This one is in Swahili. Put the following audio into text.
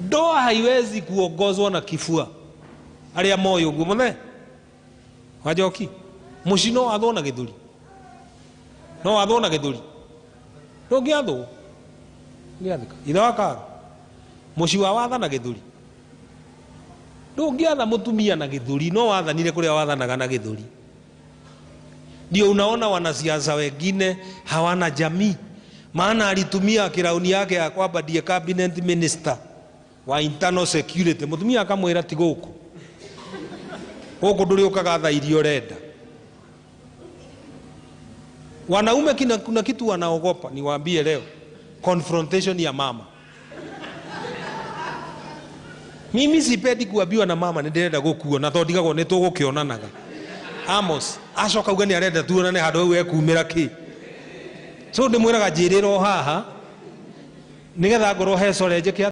ndoa haiwezi kuongozwa na kifua aria moyo guo mune wajoki muci no athwo na githuri no athwo na githuri ndungiathwo ngiathika ithe wa karo muci wa watha na githuri ndungiatha mutumia na githuri no wathanire kuria wathanaga na githuri ndio unaona wanasiasa wengine hawana jamii maana alitumia kirauni yake ya kwamba ndiye cabinet minister wa internal security mutumia akamwira ti guku guku nduri ukaga tha irio renda wanaume kina, kuna kitu wanaogopa niwaambie leo confrontation ya mama mimi sipendi kuambiwa na mama ndirenda gukuo na thondigagwo ni tugukionanaga amos acoka uga ni arenda tuonane handu au ekumira ki so ndimwiraga njirira o haha nigetha ngorwo hecore njike